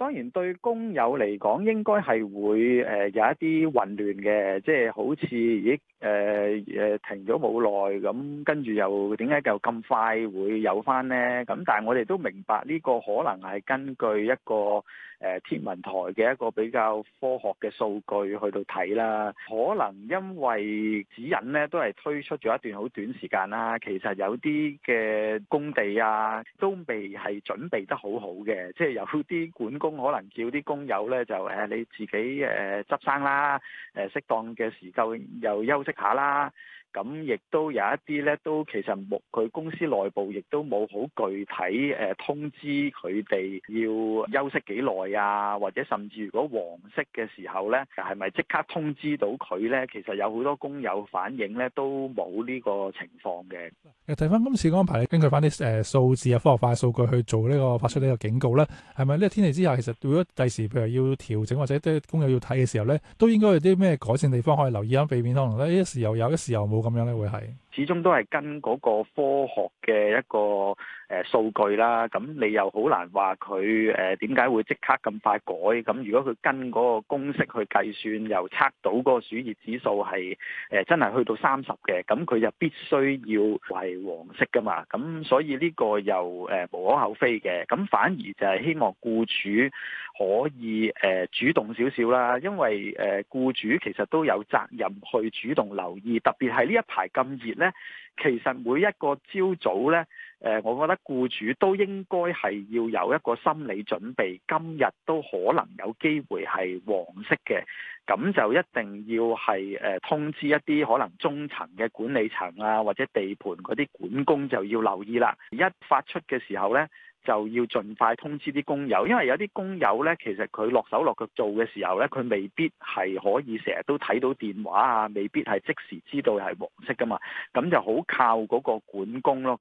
當然對工友嚟講，應該係會誒有一啲混亂嘅，即係好似已誒誒停咗冇耐，咁跟住又點解又咁快會有翻呢？咁但係我哋都明白呢個可能係根據一個誒天文台嘅一個比較科學嘅數據去到睇啦。可能因為指引呢都係推出咗一段好短時間啦，其實有啲嘅工地啊都未係準備得好好嘅，即係有啲管工。可能叫啲工友咧就誒、呃、你自己誒、呃、執生啦，誒、呃、適當嘅時候就又休息下啦。咁亦都有一啲咧，都其實佢公司內部亦都冇好具體通知佢哋要休息幾耐啊，或者甚至如果黃色嘅時候咧，係咪即刻通知到佢咧？其實有好多工友反映咧，都冇呢個情況嘅。睇翻今次嘅安排，根據翻啲誒數字啊、科學化數據去做呢個發出呢個警告咧，係咪呢個天氣之下其實如果第時譬如要調整或者啲工友要睇嘅時候咧，都應該有啲咩改善地方可以留意返避免可能咧，一時又有，有，一時又冇。咁樣咧，會係。始終都係跟嗰個科學嘅一個誒數據啦，咁你又好難話佢誒點解會即刻咁快改？咁如果佢跟嗰個公式去計算，又測到個暑熱指數係誒、呃、真係去到三十嘅，咁佢就必須要係黃色噶嘛。咁所以呢個又誒、呃、無可厚非嘅。咁反而就係希望僱主可以誒、呃、主動少少啦，因為誒、呃、僱主其實都有責任去主動留意，特別係呢一排咁熱。咧，其實每一個朝早咧，誒，我覺得僱主都應該係要有一個心理準備，今日都可能有機會係黃色嘅，咁就一定要係誒通知一啲可能中層嘅管理層啊，或者地盤嗰啲管工就要留意啦。一發出嘅時候咧，就要盡快通知啲工友，因為有啲工友呢，其實佢落手落腳做嘅時候呢，佢未必係可以成日都睇到電話啊，未必係即時知道係黃色㗎嘛，咁就好靠嗰個管工咯。